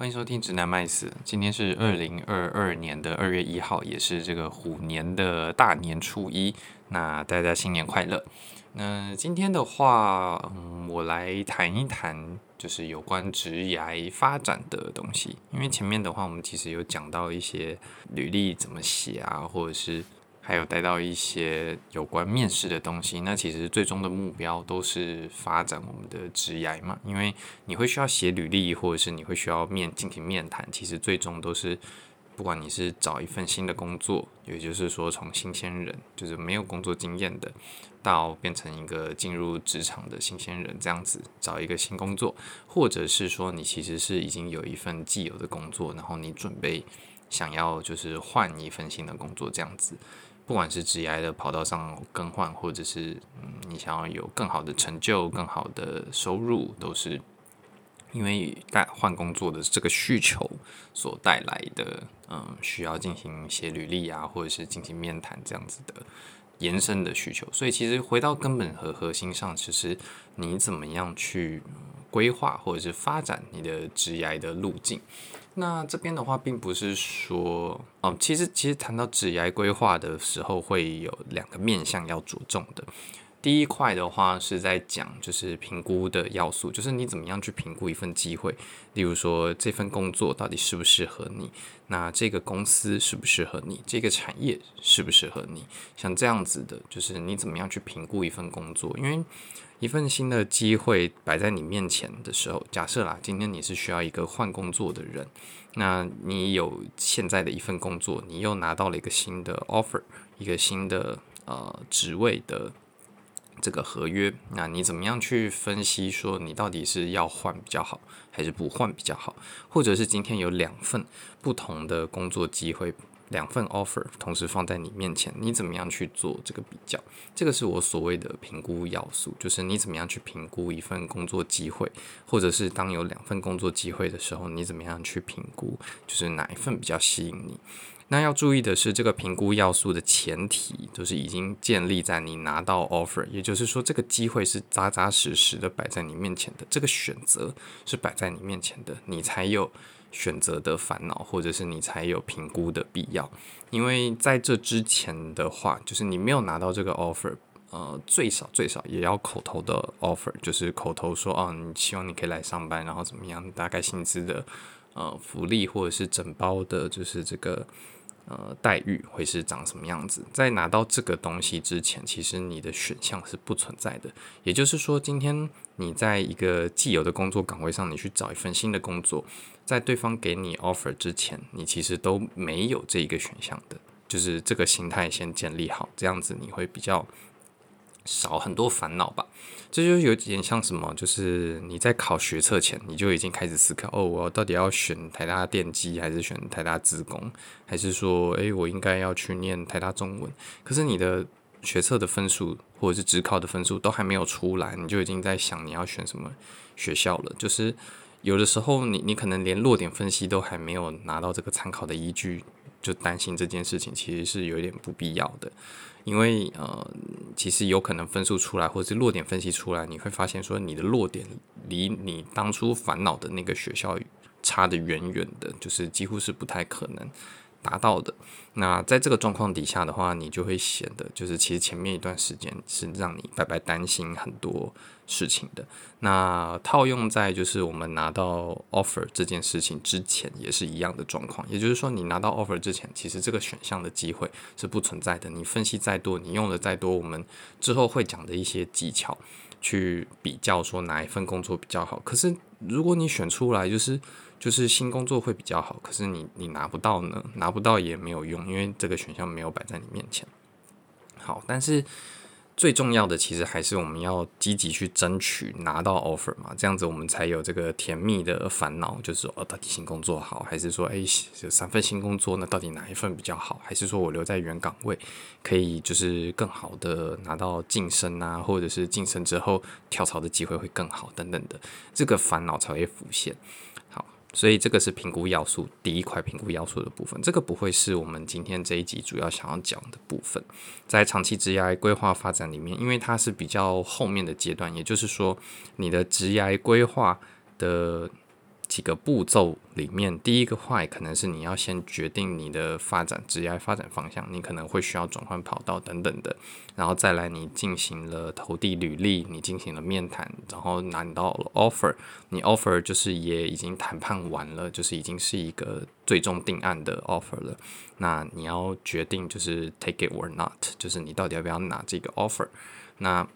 歡迎收聽直男麥斯。今天是二零二二年的二月一號，也是這個虎年的大年初一。那大家新年快樂。那今天的話，嗯，我來談一談就是有關職涯發展的東西。因為前面的話，我們其實有講到一些履歷怎麼寫啊，或者是。還有帶到一些有關面試的東西，那其實最終的目標都是發展我們的職涯嘛，因為你會需要寫履歷，或者是你會需要面進行面談，其實最終都是不管你是找一份新的工作，也就是說從新鮮人，就是沒有工作經驗的，到變成一個進入職場的新鮮人，這樣子找一個新工作，或者是說你其實是已經有一份既有的工作，然後你準備想要就是換一份新的工作，這樣子。不管是職涯的跑道上更換，或者是嗯，你想要有更好的成就、更好的收入，都是因為換工作的這個需求所帶來的。嗯，需要進行一些履歷啊，或者是進行面談這樣子的延伸的需求。所以，其實回到根本和核心上，其實你怎麼樣去規劃或者是發展你的職涯的路徑。那這邊的話，並不是說哦，其實其實談到職涯規劃的時候，會有兩個面向要着重的。第一塊的話，是在講就是評估的要素，就是你怎麼樣去評估一份機會，例如說這份工作到底適不適合你，那這個公司適不適合你，這個產業適不適合你，像這樣子的，就是你怎麼樣去評估一份工作，因為。一份新的機會擺在你面前的時候，假設啦，今天你是需要一個換工作的人，那你有現在的一份工作，你又拿到了一個新的 offer，一個新的呃職位的這個合約，那你怎麼樣去分析說你到底是要換比較好，還是不換比較好？或者是今天有兩份不同的工作機會？兩份 offer 同時放在你面前，你怎麼樣去做這個比較？這個是我所謂的評估要素，就是你怎麼樣去評估一份工作機會，或者是當有兩份工作機會的時候，你怎麼樣去評估，就是哪一份比較吸引你？那要注意的是，這個評估要素的前提，就是已經建立在你拿到 offer，也就是說，這個機會是扎扎實實的擺在你面前的，這個選擇是擺在你面前的，你才有選擇的煩惱，或者是你才有評估的必要，因為在這之前的話，就是你沒有拿到這個 offer，呃，最少最少也要口頭的 offer，就是口頭說哦，你希望你可以來上班，然後怎麼樣，大概薪資的，呃，福利或者是整包的，就是這個呃待遇會是長什麼樣子。在拿到這個東西之前，其實你的選項是不存在的。也就是說，今天。你在一個既有的工作崗位上，你去找一份新的工作，在對方給你 offer 之前，你其實都沒有這一個選項的，就是這個心態先建立好，這樣子你會比較少很多煩惱吧。這就有點像什麼？就是你在考學測前，你就已經開始思考，哦，我到底要選台大電機，還是選台大資工，還是說，哎，我應該要去念台大中文？可是你的。學測的分數，或者是指考的分數，都還沒有出來，你就已經在想你要選什麼學校了。就是有的時候你你可能連落點分析都還沒有拿到這個參考的依據，就擔心這件事情其實是有點不必要的。因為呃，其實有可能分數出來，或者是落點分析出來，你會發現說你的落點離你當初煩惱的那個學校差得遠遠的，就是幾乎是不太可能達到的，那在這個狀況底下的話，你就會顯得就是其實前面一段時間是讓你白白擔心很多事情的。那套用在就是我們拿到 offer 這件事情之前也是一樣的狀況，也就是說你拿到 offer 之前，其實這個選項的機會是不存在的。你分析再多，你用了再多，我們之後會講的一些技巧去比較說哪一份工作比較好。可是如果你選出來，就是。就是新工作會比較好，可是你你拿不到呢，拿不到也沒有用，因為這個選項沒有擺在你面前。好，但是最重要的其實還是我們要積極去爭取拿到 offer 嘛，這樣子我們才有這個甜蜜的煩惱，就是說，哦，到底新工作好，還是說哎三份新工作呢？到底哪一份比較好？還是說我留在原崗位可以就是更好的拿到晉升啊，或者是晉升之後跳槽的機會會更好等等的，這個煩惱才會浮現。所以這個是評估要素，第一塊評估要素的部分，這個不會是我們今天這一集主要想要講的部分。在長期職涯規劃發展裡面，因為它是比較後面的階段，也就是說，你的職涯規劃的。幾個步驟裡面，第一個話，可能是你要先決定你的發展職業發展方向，你可能會需要轉換跑道等等的，然後再來你進行了投遞履歷，你進行了面談，然後拿到 offer，你 offer 就是也已經談判完了，就是已經是一個最終定案的 offer 了，那你要決定就是 take it or not，就是你到底要不要拿這個 offer，那。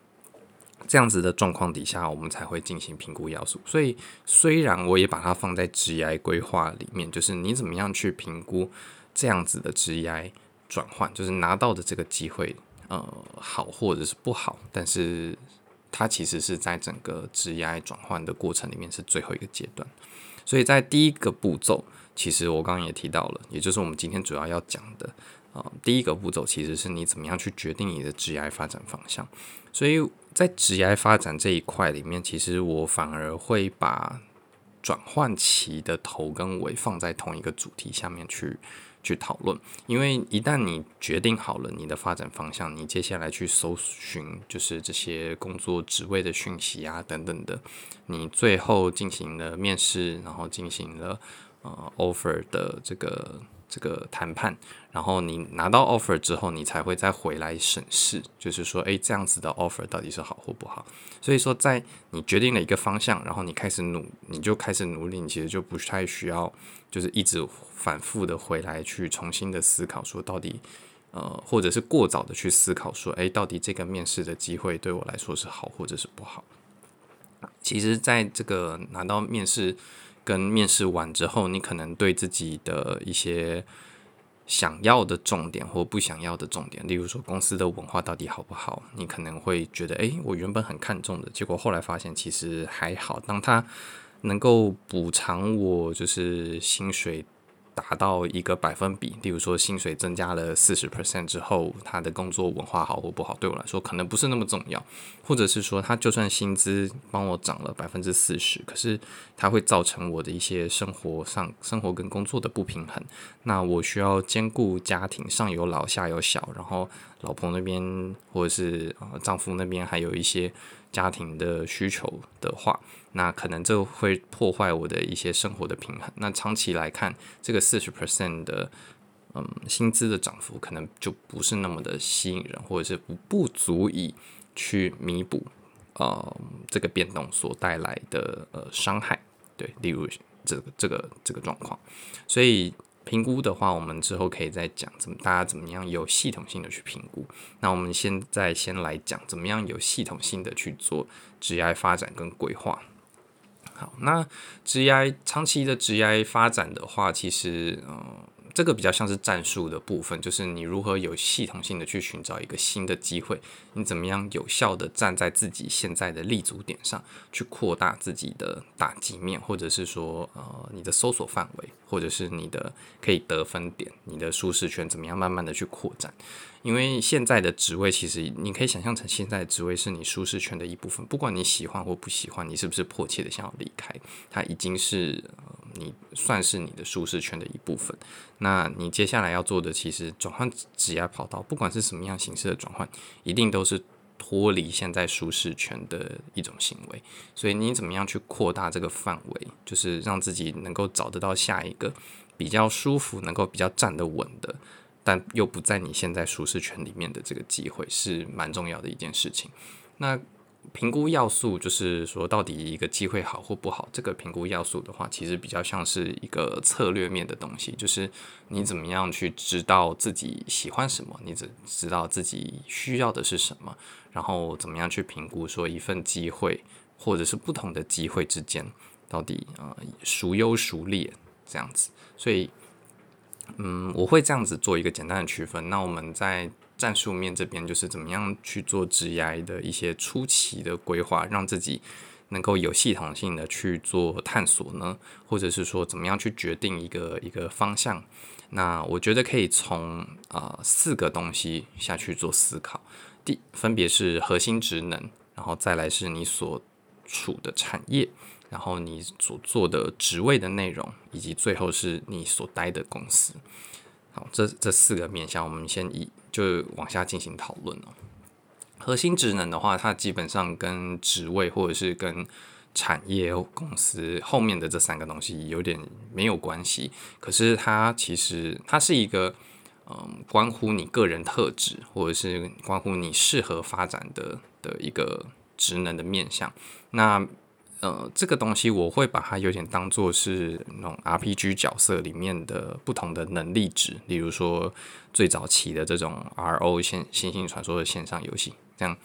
這樣子的狀況底下，我們才會進行評估要素。所以，雖然我也把它放在職涯規劃裡面，就是你怎麼樣去評估這樣子的職涯轉換，就是拿到的這個機會，呃，好或者是不好，但是它其實是在整個職涯轉換的過程裡面是最後一個階段。所以在第一個步驟，其實我剛剛也提到了，也就是我們今天主要要講的，呃，第一個步驟其實是你怎麼樣去決定你的職涯發展方向。所以。在職涯發展這一塊裡面，其實我反而會把轉換期的頭跟尾放在同一個主題下面去去討論，因為一旦你決定好了你的發展方向，你接下來去搜尋，就是這些工作職位的訊息啊等等的，你最後進行了面試，然後進行了呃 offer 的這個。這個談判，然後你拿到 offer 之後，你才會再回來審視，就是說，誒，這樣子的 offer 到底是好或不好。所以說，在你決定了一個方向，然後你開始努，你就開始努力，你其實就不太需要，就是一直反覆的回來去重新的思考，說到底，呃，或者是過早的去思考，說，誒，到底這個面試的機會對我來說是好或者是不好。其實，在這個拿到面試。跟面試完之後，你可能對自己的一些想要的重點或不想要的重點，例如說公司的文化到底好不好，你可能會覺得，哎、欸，我原本很看重的，結果後來發現其實還好，當它能夠補償我，就是薪水達到一個百分比，例如說薪水增加了四十 percent 之後，他的工作文化好或不好，對我來說可能不是那麼重要。或者是說，他就算薪資幫我漲了百分之四十，可是他會造成我的一些生活上、生活跟工作的不平衡。那我需要兼顧家庭，上有老，下有小，然後老婆那邊或者是、呃、丈夫那邊還有一些。家庭的需求的話，那可能就會破壞我的一些生活的平衡。那長期來看，這個四十 percent 的嗯薪資的漲幅，可能就不是那麼的吸引人，或者是不足以去彌補呃、嗯、這個變動所帶來的呃傷害。對，例如這個這個這個狀況，所以。評估的話，我們之後可以再講怎麼大家怎麼樣有系統性的去評估。那我們現在先來講怎麼樣有系統性的去做職涯發展跟規劃。好，那職涯長期的職涯發展的話，其實嗯。呃這個比較像是戰術的部分，就是你如何有系統性的去尋找一個新的機會，你怎麼樣有效的站在自己現在的立足點上去擴大自己的打擊面，或者是說，呃，你的搜索範圍，或者是你的可以得分點，你的舒適圈怎麼樣慢慢的去擴展。因為現在的職位其實你可以想象成，現在的職位是你舒適圈的一部分，不管你喜歡或不喜歡，你是不是迫切的想要離開，它已經是。呃你算是你的舒適圈的一部分。那你接下來要做的，其實轉換職涯跑道，不管是什麼樣形式的轉換，一定都是脫離現在舒適圈的一種行為。所以你怎麼樣去擴大這個範圍，就是讓自己能夠找得到下一個比較舒服、能夠比較站得穩的，但又不在你現在舒適圈裡面的這個機會，是蠻重要的一件事情。那評估要素就是說，到底一個機會好或不好，這個評估要素的話，其實比較像是一個策略面的東西，就是你怎麼樣去知道自己喜歡什麼，你只知道自己需要的是什麼，然後怎麼樣去評估說一份機會或者是不同的機會之間到底啊呃，孰優孰劣這樣子。所以，嗯，我會這樣子做一個簡單的區分。那我們在。戰術面這邊就是怎麼樣去做職涯的一些初期的規劃，讓自己能夠有系統性的去做探索呢？或者是說怎麼樣去決定一個一個方向？那我覺得可以從啊、呃、四個東西下去做思考，第分別是核心職能，然後再來是你所處的產業，然後你所做的職位的內容，以及最後是你所待的公司。好，這這四個面向，我們先以。就往下進行討論了。核心職能的話，它基本上跟職位或者是跟產業公司後面的這三個東西有點沒有關係。可是它其實它是一個，嗯，關乎你個人特質或者是關乎你適合發展的的一個職能的面向。那呃，這個東西我會把它有點當做是那種 RPG 角色裡面的不同的能力值，比如說最早期的這種 RO 仙境傳說的線上遊戲，這樣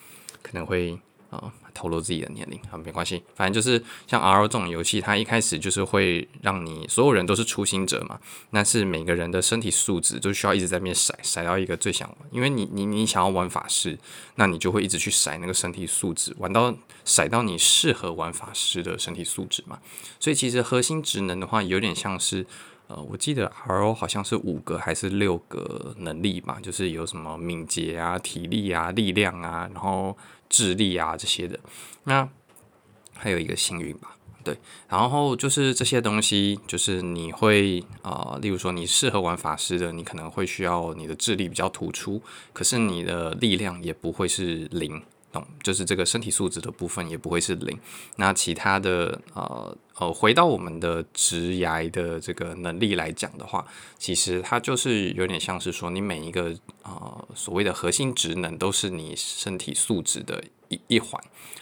可能會。啊、哦，透露自己的年齡啊，沒關係，反正就是像 R O 這種遊戲，它一開始就是會讓你所有人都是初心者嘛，但是每個人的身體素質都需要一直在那邊甩甩到一個最想玩，因為你你你想要玩法師，那你就會一直去甩那個身體素質，玩到甩到你適合玩法師的身體素質嘛，所以其實核心職能的話，有點像是。呃，我記得 RO 好像是五個還是六個能力吧，就是有什麼敏捷啊、體力啊、力量啊，然後智力啊這些的。那還有一個幸運吧，對。然後就是這些東西，就是你會啊，呃，例如說你適合玩法師的，你可能會需要你的智力比較突出，可是你的力量也不會是零。懂，就是這個身體素質的部分也不會是零。那其他的，呃呃，回到我們的職涯的這個能力來講的話，其實它就是有點像是說，你每一個呃所謂的核心職能都是你身體素質的一一環。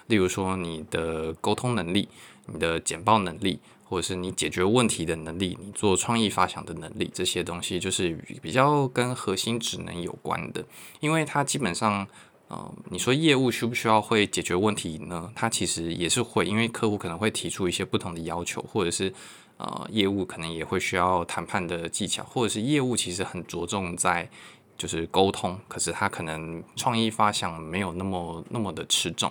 例如說，你的溝通能力、你的簡報能力，或者是你解決問題的能力、你做創意發想的能力，這些東西就是比較跟核心職能有關的，因為它基本上。呃，你說業務需不需要會解決問題呢？他其實也是會，因為客戶可能會提出一些不同的要求，或者是呃，業務可能也會需要談判的技巧，或者是業務其實很着重在就是溝通，可是他可能創意發想沒有那麼那麼的吃重，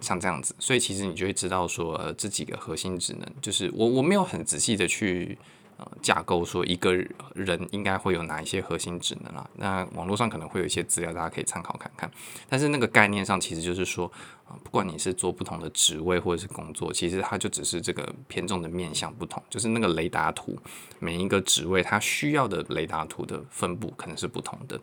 像這樣子，所以其實你就會知道說，呃，這幾個核心職能，就是我我沒有很仔細的去。架構說一個人應該會有哪一些核心職能啊？那網絡上可能會有一些資料，大家可以參考看看。但是那個概念上，其實就是說啊，不管你是做不同的職位或者是工作，其實它就只是這個偏重的面向不同，就是那個雷達圖，每一個職位它需要的雷達圖的分布可能是不同的。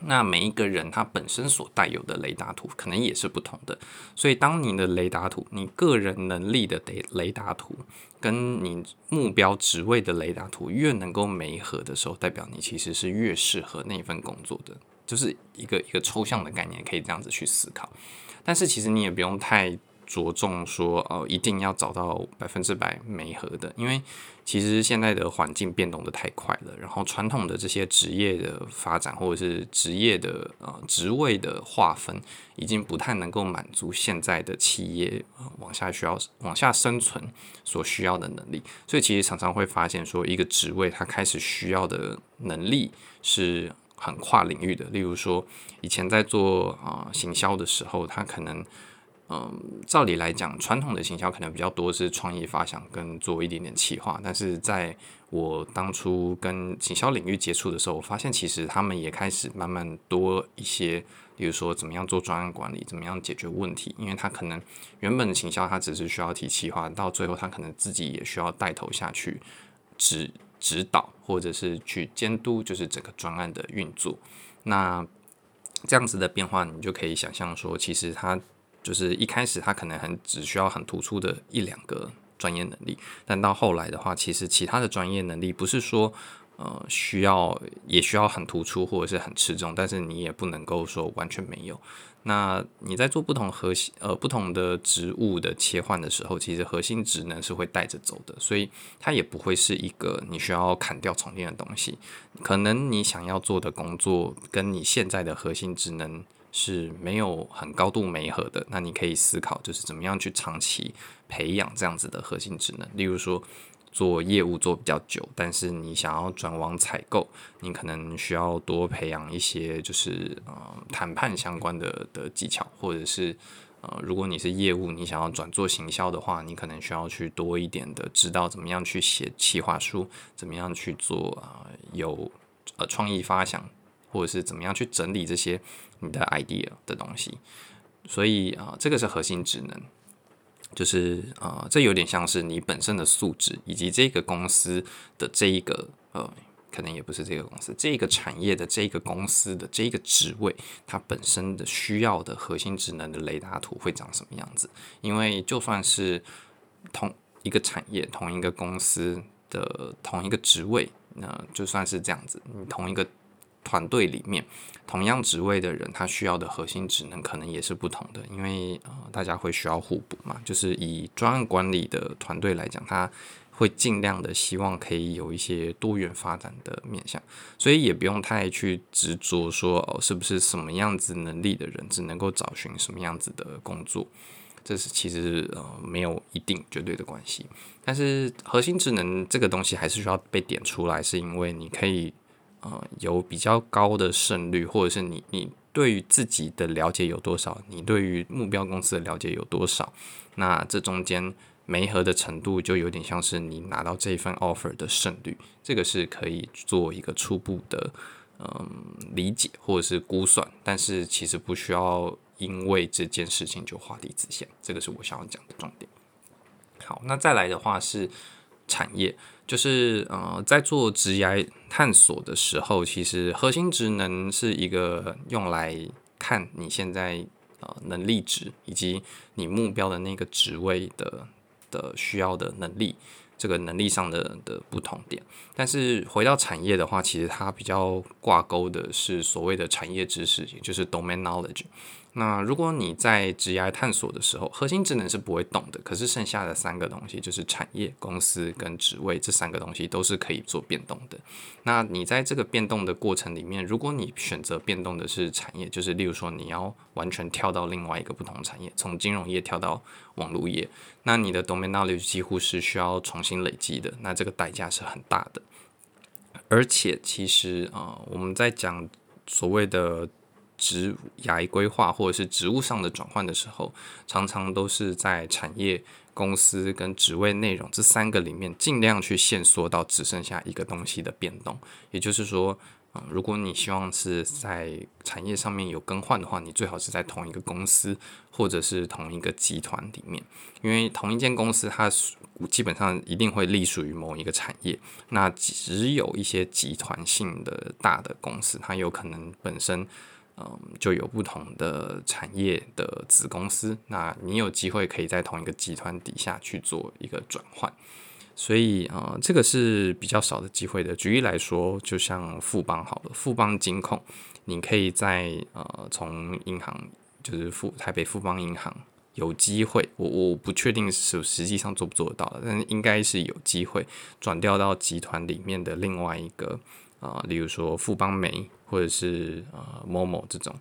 那每一個人他本身所帶有的雷達圖可能也是不同的，所以當你的雷達圖、你個人能力的雷雷達圖跟你目標職位的雷達圖越能夠媒合的時候，代表你其實是越適合那份工作的，就是一個一個抽象的概念，可以這樣子去思考。但是其實你也不用太。着重說，哦，一定要找到百分之百媒合的，因為其實現在的環境變動得太快了，然後傳統的這些職業的發展或者是職業的呃職位的劃分，已經不太能夠滿足現在的企業、呃、往下需要往下生存所需要的能力，所以其實常常會發現說，一個職位它開始需要的能力是很跨領域的，例如說以前在做啊、呃、行銷的時候，它可能。嗯，照理來講，傳統的行銷可能比較多是創意發想跟做一點點企劃。但是在我當初跟行銷領域接觸的時候，我發現其實他們也開始慢慢多一些，比如說怎麼樣做專案管理，怎麼樣解決問題。因為他可能原本的行銷他只是需要提企劃，到最後他可能自己也需要帶頭下去指指導，或者是去監督，就是整個專案的運作。那這樣子的變化，你就可以想象說，其實他。就是一開始他可能很只需要很突出的一兩個專業能力，但到後來的話，其實其他的專業能力不是說呃需要，也需要很突出或者是很吃重，但是你也不能夠說完全沒有。那你在做不同核心呃不同的職務的切換的時候，其實核心職能是會帶着走的，所以它也不會是一個你需要砍掉重建的東西。可能你想要做的工作跟你現在的核心職能。是沒有很高度媒合的。那你可以思考就是怎麼樣去長期培養這樣子的核心職能。例如說做業務做比較久，但是你想要轉往採購，你可能需要多培養一些就是呃談判相關的的技巧，或者是呃如果你是業務，你想要轉做行銷的話，你可能需要去多一點的知道怎麼樣去寫企劃書，怎麼樣去做呃有呃創意發想。或者是怎麼樣去整理這些你的 idea 的東西，所以啊、呃，這個是核心職能，就是啊、呃，這有點像是你本身的素質，以及這個公司的這一個呃，可能也不是這個公司，這個產業的這個公司的這個職位，它本身的需要的核心職能的雷達圖會長什麼樣子？因為就算是同一個產業、同一個公司的同一個職位，那、呃、就算是這樣子，你同一個。團隊裡面，同樣職位的人，他需要的核心職能可能也是不同的，因為呃，大家會需要互補嘛。就是以專案管理的團隊來講，他會盡量的希望可以有一些多元發展的面向，所以也不用太去執着說哦，呃，是不是什麼樣子能力的人只能夠找尋什麼樣子的工作，這是其實呃沒有一定絕對的關係。但是核心職能這個東西還是需要被點出來，是因為你可以。呃，有比較高的勝率，或者是你你對於自己的了解有多少？你對於目標公司的了解有多少？那這中間媒合的程度，就有點像是你拿到這一份 offer 的勝率，這個是可以做一個初步的嗯理解或者是估算。但是其實不需要因為這件事情就畫地自限，這個是我想要講的重點。好，那再來的話是產業。就是呃，在做職業探索的時候，其實核心職能是一個用來看你現在呃能力值以及你目標的那個職位的的需要的能力，這個能力上的的不同點。但是回到產業的話，其實它比較掛鈎的是所謂的產業知識，也就是 domain knowledge。那如果你在職涯探索的時候，核心職能是不會動的。可是剩下的三個東西，就是產業、公司跟職位這三個東西，都是可以做變動的。那你在這個變動的過程裡面，如果你選擇變動的是產業，就是例如說你要完全跳到另外一個不同產業，從金融業跳到網絡業，那你的 domain knowledge 幾乎是需要重新累積的。那這個代價是很大的。而且其實啊、呃，我們在講所謂的。職涯規劃或者是職務上的轉換的時候，常常都是在產業、公司跟職位內容這三個裡面，盡量去限縮到只剩下一個東西的變動。也就是說，嗯，如果你希望是在產業上面有更換的話，你最好是在同一個公司或者是同一個集團裡面，因為同一間公司它基本上一定會隸屬於某一個產業。那只有一些集團性的大的公司，它有可能本身。嗯，就有不同的產業的子公司，那你有機會可以在同一個集團底下去做一個轉換，所以啊、呃，這個是比較少的機會的。舉例來說，就像富邦好了，富邦金控，你可以在呃從銀行就是富台北富邦銀行有機會，我我不確定是實際上做不做得到的，但應該是有機會轉調到集團裡面的另外一個啊、呃，例如說富邦媒。或者是呃某某這種，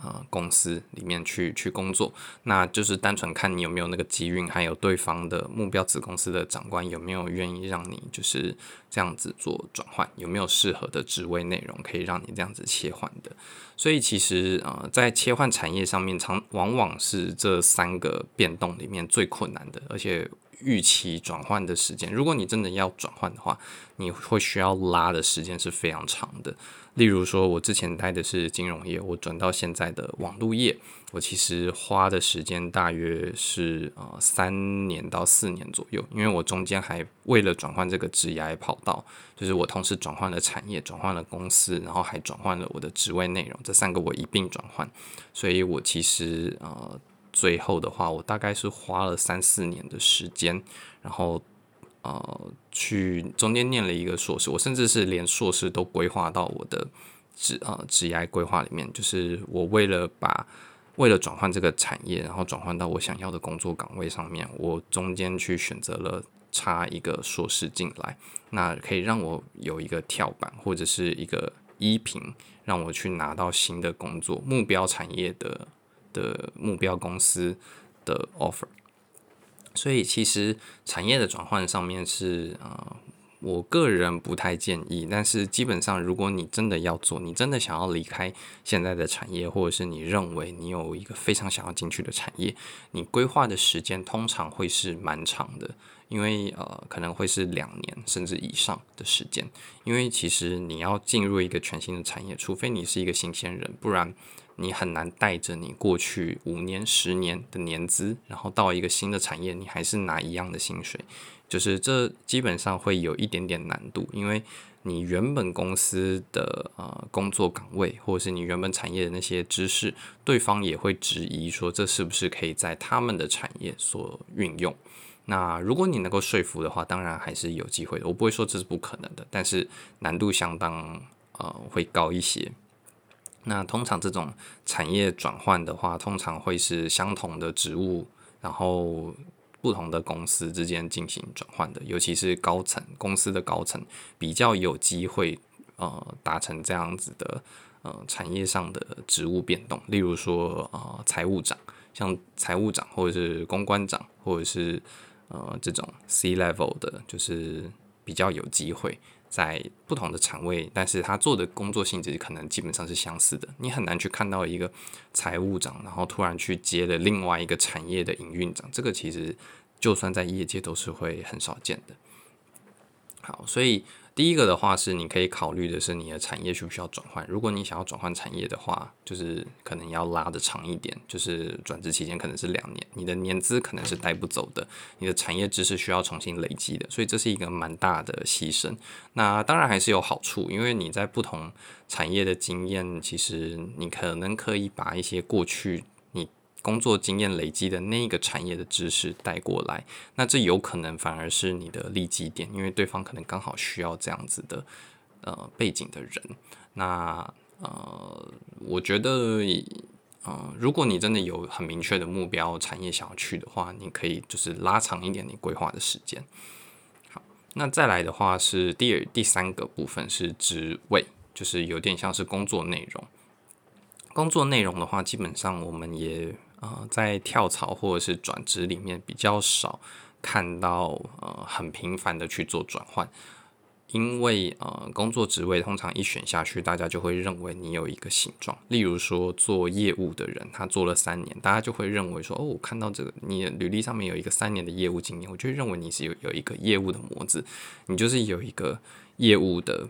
呃公司裡面去去工作，那就是單純看你有沒有那個機運，還有對方的目標子公司的長官有沒有願意讓你就是這樣子做轉換，有沒有適合的職位內容可以讓你這樣子切換的。所以其實呃在切換產業上面，常往往是這三個變動裡面最困難的，而且。預期轉換的時間，如果你真的要轉換的話，你會需要拉的時間是非常長的。例如說，我之前待的是金融業，我轉到現在的網絡業，我其實花的時間大約是呃三年到四年左右，因為我中間還為了轉換這個職涯跑道，就是我同時轉換了產業、轉換了公司，然後還轉換了我的職位內容，這三個我一併轉換，所以我其實呃。最後的話，我大概是花了三四年的時間，然後呃，去中間念了一個碩士，我甚至是連碩士都規劃到我的職呃職業規劃裡面，就是我為了把為了轉換這個產業，然後轉換到我想要的工作崗位上面，我中間去選擇了插一個碩士進來，那可以讓我有一個跳板或者是一個依憑，讓我去拿到新的工作目標產業的。的目標公司的 offer，所以其實產業的轉換上面是啊、呃，我個人不太建議。但是基本上，如果你真的要做，你真的想要離開現在的產業，或者是你認為你有一個非常想要進去的產業，你規劃的時間通常會是蠻長的，因為呃，可能會是兩年甚至以上的時間。因為其實你要進入一個全新的產業，除非你是一個新鮮人，不然。你很難帶着你過去五年、十年的年資，然後到一個新的產業，你還是拿一樣的薪水，就是這基本上會有一點點難度，因為你原本公司的呃工作崗位，或者是你原本產業的那些知識，對方也會質疑說，這是不是可以在他們的產業所運用。那如果你能夠說服的話，當然還是有機會的。我不會說這是不可能的，但是難度相當呃會高一些。那通常這種產業轉換的話，通常會是相同的職務，然後不同的公司之間進行轉換的，尤其是高層，公司的高層比較有機會，呃，達成這樣子的呃產業上的職務變動。例如說呃財務長，像財務長或者是公關長，或者是呃這種 C level 的，就是比較有機會。在不同的場位，但是他做的工作性質可能基本上是相似的，你很難去看到一個財務長，然後突然去接了另外一個產業的營運長，這個其實就算在業界都是會很少見的。好，所以。第一個的話是，你可以考慮的是你的產業需不需要轉換。如果你想要轉換產業的話，就是可能要拉得長一點，就是轉職期間可能是兩年，你的年資可能是帶不走的，你的產業知識需要重新累積的，所以這是一個蠻大的犧牲。那當然還是有好處，因為你在不同產業的經驗，其實你可能可以把一些過去。工作經驗累積的那個產業的知識帶過來，那這有可能反而是你的利基點，因為對方可能剛好需要這樣子的呃背景的人。那呃，我覺得，嗯、呃，如果你真的有很明確的目標產業想要去的話，你可以就是拉長一點你規劃的時間。好，那再來的話是第二、第三個部分是職位，就是有點像是工作內容。工作內容的話，基本上我們也。啊、呃，在跳槽，或者是轉職裡面比較少看到呃，很頻繁的去做轉換，因為呃工作職位通常一選下去，大家就會認為你有一個形狀。例如說做業務的人，他做了三年，大家就會認為說，哦，我看到這個你的履歷上面有一個三年的業務經驗，我就認為你是有有一個業務的模子，你就是有一個業務的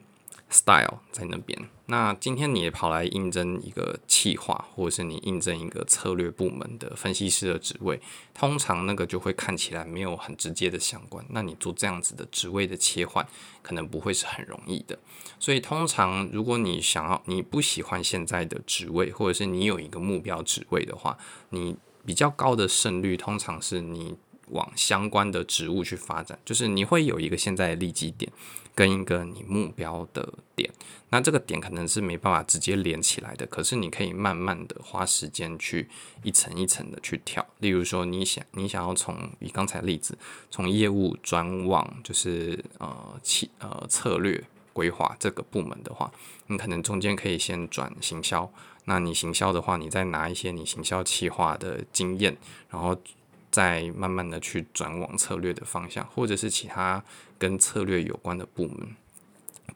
style 在那邊，那今天你也跑來應徵一個企劃，或者是你應徵一個策略部門的分析師的職位，通常那個就會看起來沒有很直接的相關。那你做這樣子的職位的切換，可能不會是很容易的。所以通常如果你想要，你不喜歡現在的職位，或者是你有一個目標職位的話，你比較高的勝率，通常是你往相關的職務去發展，就是你會有一個現在的利基點。跟一個你目標的點，那這個點可能是沒辦法直接連起來的，可是你可以慢慢的花時間去一層一層的去跳。例如說你，你想你想要從以剛才的例子，從業務轉往就是呃企呃策略規劃這個部門的話，你可能中間可以先轉行銷。那你行銷的話，你再拿一些你行銷企劃的經驗，然後。再慢慢的去轉往策略的方向，或者是其他跟策略有關的部門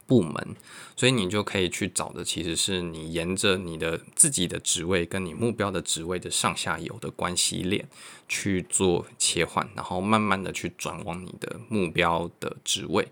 部門，所以你就可以去找的其實是你沿着你的自己的職位跟你目標的職位的上下游的關係鏈去做切換，然後慢慢的去轉往你的目標的職位。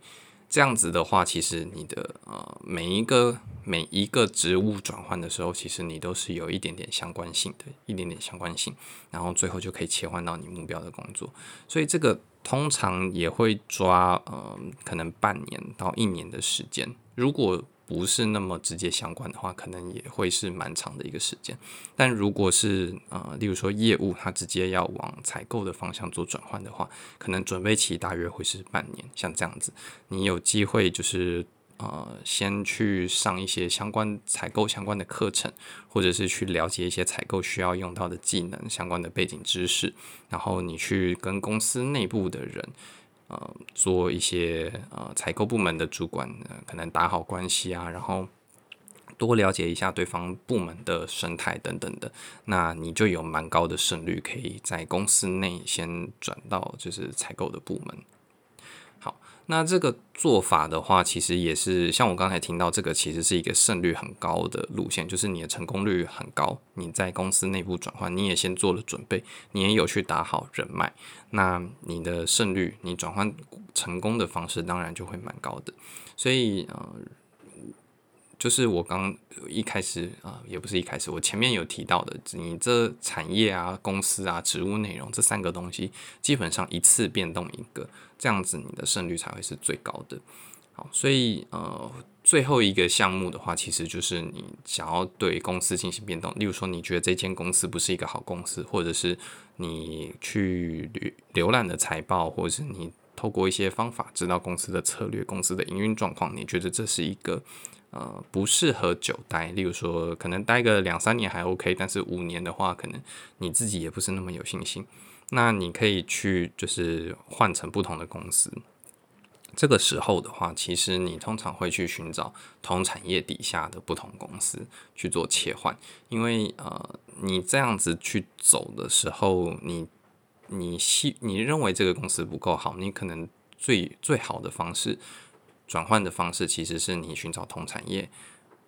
這樣子的話，其實你的呃每一個每一個職務轉換的時候，其實你都是有一點點相關性的一點點相關性，然後最後就可以切換到你目標的工作。所以這個通常也會抓呃可能半年到一年的時間，如果。不是那麼直接相關的話，可能也會是蠻長的一個時間。但如果是啊、呃，例如說業務它直接要往採購的方向做轉換的話，可能準備期大約會是半年。像這樣子，你有機會就是呃，先去上一些相關採購相關的課程，或者是去了解一些採購需要用到的技能相關的背景知識，然後你去跟公司內部的人。呃，做一些呃採購部門的主管，呃、可能打好關係啊，然後多了解一下對方部門的生態等等的，那你就有蠻高的勝率，可以在公司內先轉到就是採購的部門。那這個做法的話，其實也是像我剛才聽到這個，其實是一個勝率很高的路線，就是你的成功率很高。你在公司內部轉換，你也先做了準備，你也有去打好人脈，那你的勝率，你轉換成功的方式當然就會蠻高的。所以，嗯，就是我剛一開始啊、呃，也不是一開始，我前面有提到的，你這產業啊、公司啊、職務內容這三個東西，基本上一次變動一個。這樣子你的勝率才會是最高的。好，所以呃，最後一個項目的話，其實就是你想要對公司進行變動。例如說，你覺得這間公司不是一個好公司，或者是你去瀏覽的財報，或者是你透過一些方法知道公司的策略、公司的營運狀況，你覺得這是一個呃不適合久待。例如說，可能待個兩三年還 OK，但是五年的話，可能你自己也不是那麼有信心。那你可以去，就是換成不同的公司。這個時候的話，其實你通常會去尋找同產業底下的不同公司去做切換，因為呃，你這樣子去走的時候，你你你認為這個公司不夠好，你可能最最好的方式轉換的方式，其實是你尋找同產業。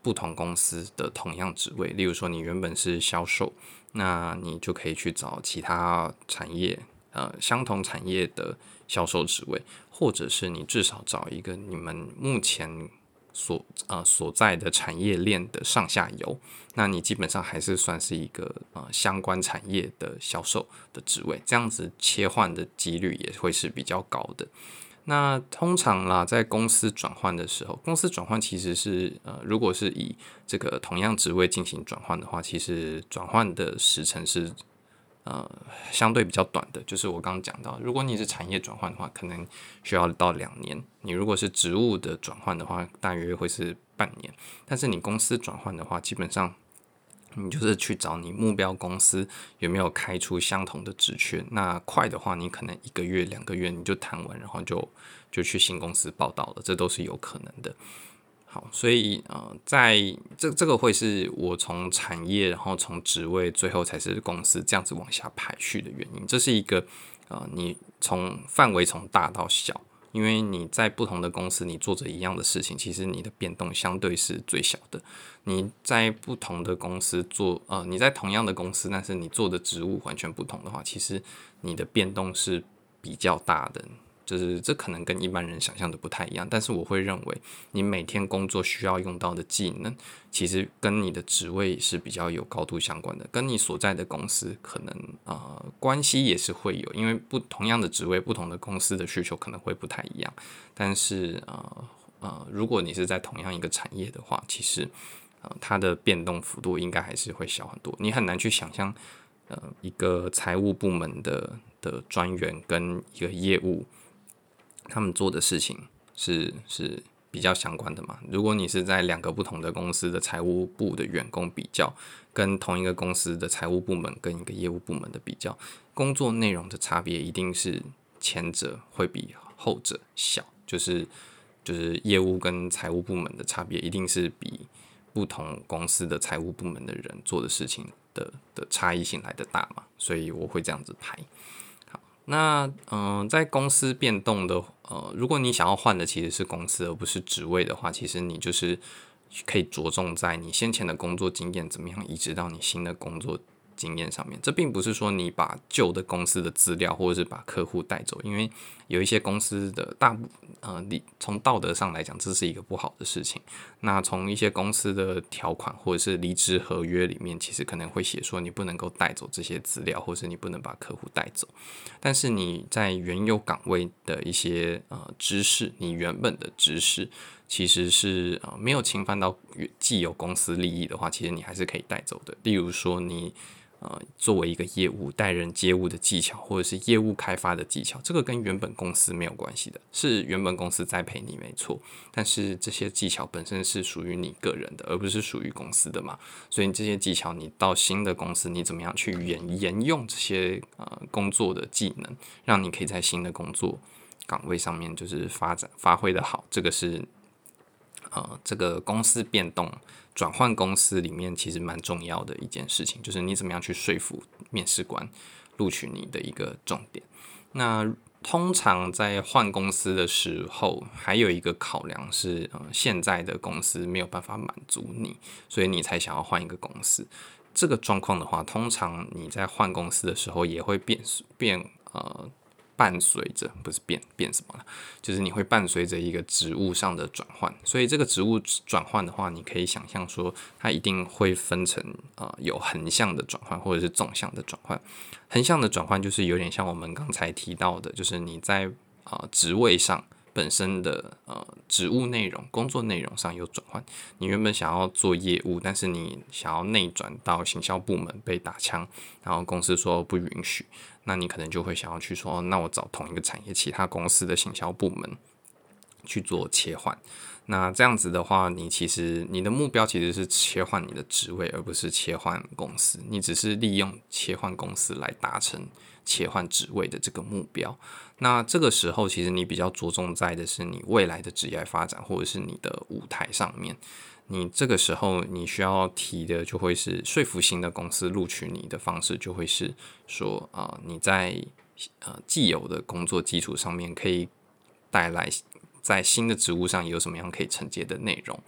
不同公司的同樣職位，例如說你原本是銷售，那你就可以去找其他產業，呃，相同產業的銷售職位，或者是你至少找一個你們目前所呃所在的產業鏈的上下游，那你基本上還是算是一個呃相關產業的銷售的職位，這樣子切換的幾率也會是比較高的。那通常啦，在公司轉換的時候，公司轉換其實是呃，如果是以這個同樣職位進行轉換的話，其實轉換的時程是呃相對比較短的。就是我剛剛講到，如果你是產業轉換的話，可能需要到兩年；你如果是職務的轉換的話，大約會是半年。但是你公司轉換的話，基本上。你就是去找你目標公司有沒有開出相同的職缺，那快的話，你可能一個月兩個月你就談完，然後就就去新公司報到了，這都是有可能的。好，所以呃，在這這個會是我從產業，然後從職位，最後才是公司這樣子往下排序的原因，這是一個呃，你從範圍從大到小。因為你在不同的公司，你做着一樣的事情，其實你的變動相對是最小的。你在不同的公司做，呃，你在同樣的公司，但是你做的職務完全不同的話，其實你的變動是比較大的。就是這可能跟一般人想象的不太一樣，但是我會認為你每天工作需要用到的技能，其實跟你的職位是比較有高度相關的，跟你所在的公司可能呃關係也是會有，因為不同樣的職位、不同的公司的需求可能會不太一樣。但是呃呃，如果你是在同樣一個產業的話，其實呃它的變動幅度應該還是會小很多。你很難去想象呃一個財務部門的的專員跟一個業務。他們做的事情是是比較相關的嘛？如果你是在兩個不同的公司的財務部的員工比較，跟同一個公司的財務部門跟一個業務部門的比較，工作內容的差別一定是前者會比後者小，就是就是業務跟財務部門的差別一定是比不同公司的財務部門的人做的事情的的差異性來得大嘛？所以我會這樣子排。那嗯、呃，在公司變動的呃，如果你想要換的其實是公司，而不是職位的話，其實你就是可以着重在你先前的工作經驗怎麼樣移植到你新的工作。經驗上面，這並不是說你把舊的公司的資料或者是把客戶帶走，因為有一些公司的大部呃，你從道德上來講，這是一個不好的事情。那從一些公司的條款或者是離職合約裡面，其實可能會寫說你不能夠帶走這些資料，或者是你不能把客戶帶走。但是你在原有崗位的一些呃知識，你原本的知識其實是呃沒有侵犯到既有公司利益的話，其實你還是可以帶走的。例如說你。呃，作為一個業務待人接物的技巧，或者是業務開發的技巧，這個跟原本公司沒有關係的，是原本公司栽培你沒錯，但是這些技巧本身是屬於你個人的，而不是屬於公司的嘛。所以這些技巧你到新的公司，你怎麼樣去沿沿用這些呃工作的技能，讓你可以在新的工作崗位上面就是發展發揮得好，這個是。呃，這個公司變動、轉換公司裡面，其實蠻重要的一件事情，就是你怎麼樣去說服面試官錄取你的一個重點。那通常在換公司的時候，還有一個考量是，呃，現在的公司沒有辦法滿足你，所以你才想要換一個公司。這個狀況的話，通常你在換公司的時候，也會變變呃。伴隨着不是變變什麼了，就是你會伴隨着一個職務上的轉換。所以這個職務轉換的話，你可以想象說，它一定會分成、呃、有橫向的轉換或者是縱向的轉換。橫向的轉換就是有點像我們剛才提到的，就是你在啊、呃、職位上本身的呃職務內容、工作內容上有轉換。你原本想要做業務，但是你想要內轉到行銷部門被打槍，然後公司說不允許。那你可能就會想要去說，那我找同一個產業其他公司的行銷部門去做切換。那這樣子的話，你其實你的目標其實是切換你的職位，而不是切換公司。你只是利用切換公司來達成切換職位的這個目標。那這個時候，其實你比較着重在的是你未來的職業發展，或者是你的舞台上面。你這個時候，你需要提的就會是說服新的公司錄取你的方式，就會是說啊、呃，你在呃既有的工作基礎上面可以帶來在新的職務上有什麼樣可以承接的內容，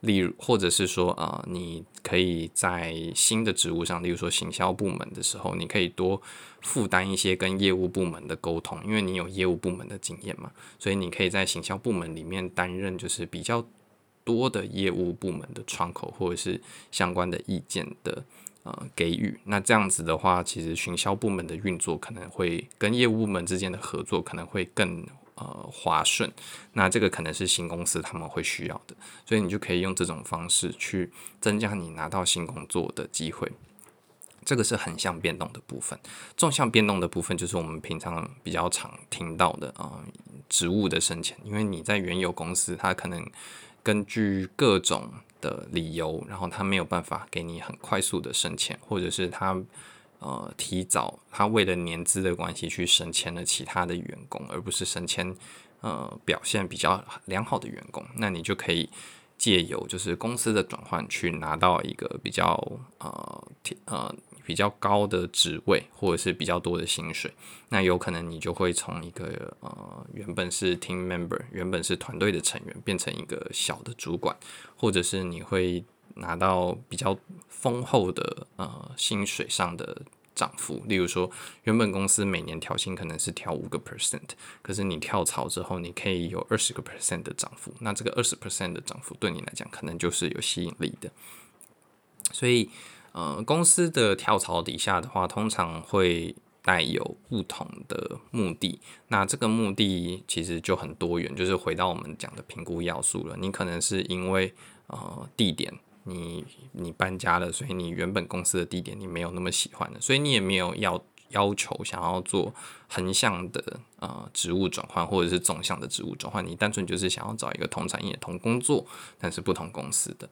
例如或者是說啊、呃，你可以在新的職務上，例如說行銷部門的時候，你可以多負擔一些跟業務部門的溝通，因為你有業務部門的經驗嘛，所以你可以在行銷部門裡面擔任就是比較。多的業務部門的窗口，或者是相關的意見的呃給予，那這樣子的話，其實行銷部門的運作可能會跟業務部門之間的合作可能會更呃滑順。那這個可能是新公司他們會需要的，所以你就可以用這種方式去增加你拿到新工作的機會。這個是橫向變動的部分，縱向變動的部分就是我們平常比較常聽到的啊，職、呃、務的升遷，因為你在原有公司，它可能。根據各種的理由，然後他沒有辦法給你很快速的升遷，或者是他呃提早他為了年資的關係去升遷了其他的員工，而不是升遷呃表現比較良好的員工，那你就可以借由就是公司的轉換去拿到一個比較呃呃。提呃比較高的職位，或者是比較多的薪水，那有可能你就會從一個呃原本是 team member，原本是團隊的成員，變成一個小的主管，或者是你會拿到比較豐厚的呃薪水上的漲幅。例如說，原本公司每年調薪可能是調五個 percent，可是你跳槽之後，你可以有二十個 percent 的漲幅。那這個二十個 percent 的漲幅對你來講，可能就是有吸引力的。所以。呃，公司的跳槽底下的話，通常會帶有不同的目的。那這個目的其實就很多元，就是回到我們講的評估要素了。你可能是因為呃地點，你你搬家了，所以你原本公司的地點你沒有那麼喜歡的，所以你也沒有要。要求想要做橫向的呃職務轉換，或者是縱向的職務轉換，你單純就是想要找一個同產業、同工作，但是不同公司的，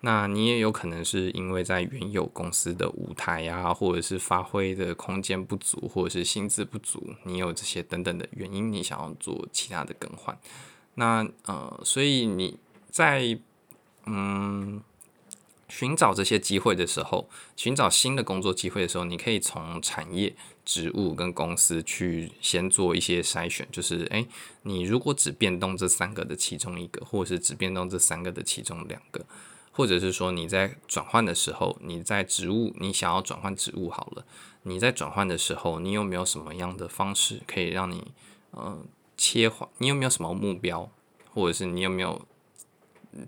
那你也有可能是因為在原有公司的舞台呀，啊，或者是發揮的空間不足，或者是薪資不足，你有這些等等的原因，你想要做其他的更換。那呃，所以你在嗯。尋找這些機會的時候，尋找新的工作機會的時候，你可以從產業、職務跟公司去先做一些篩選。就是，哎、欸，你如果只變動這三個的其中一個，或者是只變動這三個的其中兩個，或者是說你在轉換的時候，你在職務，你想要轉換職務好了，你在轉換的時候，你有沒有什麼樣的方式可以讓你呃切換？你有沒有什麼目標，或者是你有沒有？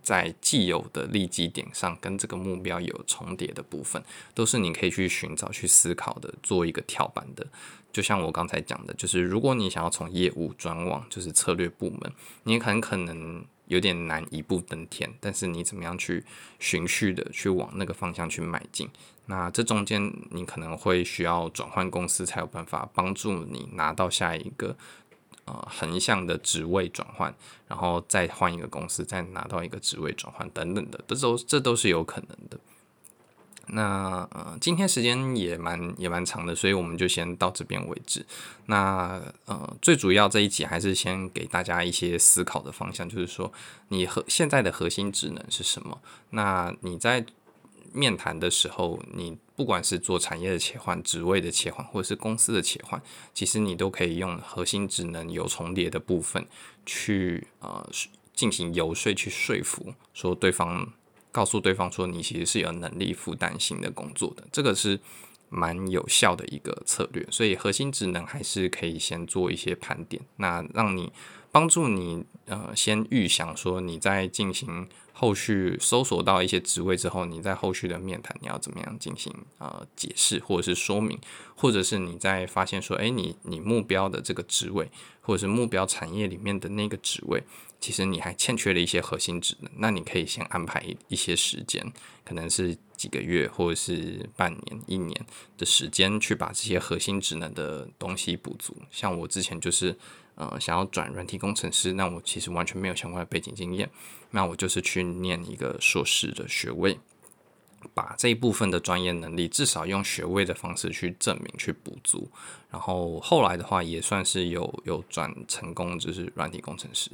在既有的利基點上，跟這個目標有重疊的部分，都是你可以去尋找、去思考的，做一個跳板的。就像我剛才講的，就是如果你想要從業務轉往就是策略部門，你很可能有點難一步登天，但是你怎麼樣去循序的去往那個方向去邁進？那這中間你可能會需要轉換公司，才有辦法幫助你拿到下一個。呃，橫向的職位轉換，然後再換一個公司，再拿到一個職位轉換，等等的，這都這都是有可能的。那呃，今天時間也蠻也蠻長的，所以我們就先到這邊為止。那呃，最主要這一集還是先給大家一些思考的方向，就是說你和現在的核心職能是什麼？那你在。面談的時候，你不管是做產業的切換、職位的切換，或者是公司的切換，其實你都可以用核心職能有重疊的部分去呃進行遊說，去說服說對方，告訴對方說你其實是有能力負擔新的工作的，這個是蠻有效的一個策略。所以核心職能還是可以先做一些盤點，那讓你。幫助你呃，先預想說你在進行後續搜索到一些職位之後，你在後續的面談你要怎麼樣進行呃解釋或者是說明，或者是你在發現說，誒，你你目標的這個職位或者是目標產業裡面的那個職位，其實你還欠缺了一些核心職能，那你可以先安排一些時間，可能是幾個月或者是半年一年的時間，去把這些核心職能的東西補足。像我之前就是。呃，想要轉軟體工程師，那我其實完全沒有相關的背景經驗，那我就是去念一個碩士的學位，把這一部分的專業能力至少用學位的方式去證明、去補足。然後後來的話，也算是有有轉成功，就是軟體工程師。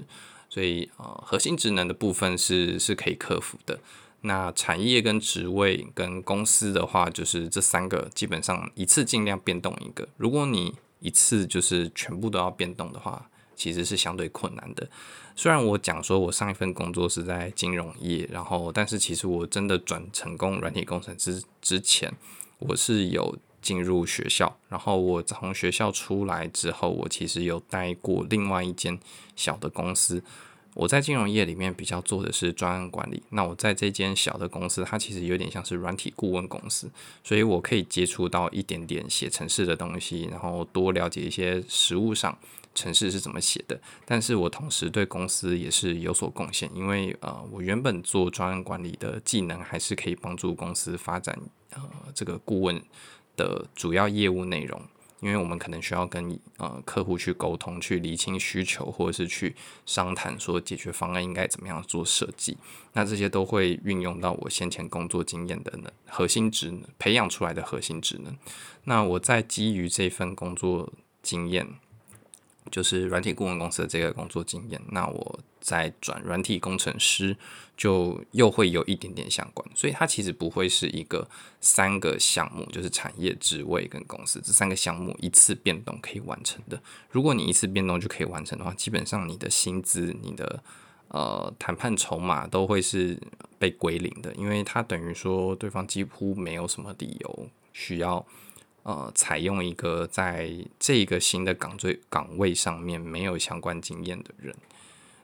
所以呃，核心職能的部分是是可以克服的。那產業跟職位跟公司的話，就是這三個基本上一次盡量變動一個。如果你一次就是全部都要變動的話，其實是相對困難的。雖然我講說我上一份工作是在金融業，然後但是其實我真的轉成功軟體工程師之前，我是有進入學校，然後我從學校出來之後，我其實有待過另外一間小的公司。我在金融業裡面比較做的是專案管理。那我在這間小的公司，它其實有點像是軟體顧問公司，所以我可以接觸到一點點寫程式的東西，然後多了解一些實務上程式是怎麼寫的。但是我同時對公司也是有所貢獻，因為呃，我原本做專案管理的技能還是可以幫助公司發展呃這個顧問的主要業務內容。因為我們可能需要跟呃客戶去溝通，去理清需求，或者是去商談說解決方案應該怎麼樣做設計，那這些都會運用到我先前工作經驗的能核心職能培養出來的核心職能。那我在基於這份工作經驗，就是軟體顧問公司的這個工作經驗，那我。再轉軟體工程師，就又會有一點點相關，所以他其實不會是一個三個項目，就是產業職位跟公司這三個項目一次變動可以完成的。如果你一次變動就可以完成的話，基本上你的薪資、你的呃談判籌碼都會是被歸零的，因為他等於說對方幾乎沒有什麼理由需要呃採用一個在這個新的崗最崗位上面沒有相關經驗的人。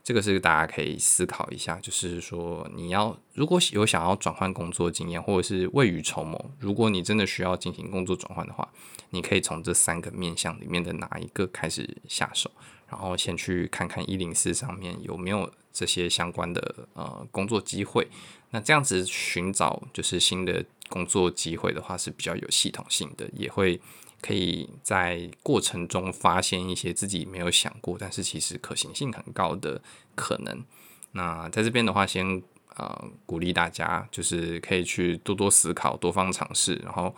這個是大家可以思考一下，就是說你要如果有想要轉換工作經驗，或者是未雨綢繆，如果你真的需要進行工作轉換的話，你可以從這三個面向裡面的哪一個開始下手，然後先去看看一零四上面有沒有這些相關的呃工作機會。那這樣子尋找就是新的工作機會的話是比較有系統性的，也會可以在過程中發現一些自己沒有想過，但是其實可行性很高的可能。那在這邊的話先，先、呃、啊，鼓勵大家，就是可以去多多思考、多方嘗試，然後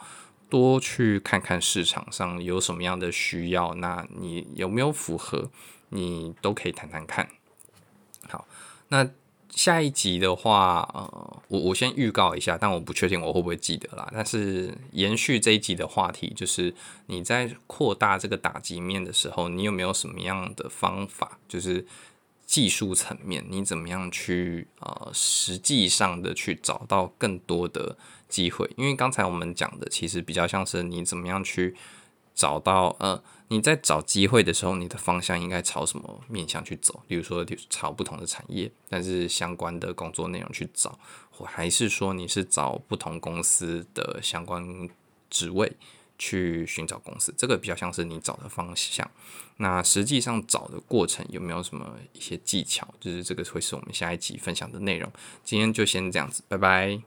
多去看看市場上有什麼樣的需要，那你有沒有符合，你都可以談談看。好，那。下一集的話，呃，我我先預告一下，但我不確定我會不會記得啦。但是延續這一集的話題，就是你在擴大這個打擊面的時候，你有沒有什麼樣的方法？就是技術層面，你怎麼樣去呃，實際上的去找到更多的機會？因為剛才我們講的，其實比較像是你怎麼樣去找到呃，你在找機會的時候，你的方向應該朝什麼面向去走？比如說，朝不同的產業，但是相關的工作內容去找，還是說你是找不同公司的相關職位去尋找公司？這個比較像是你找的方向。那實際上找的過程有沒有什麼一些技巧？就是這個會是我們下一集分享的內容。今天就先這樣子，拜拜。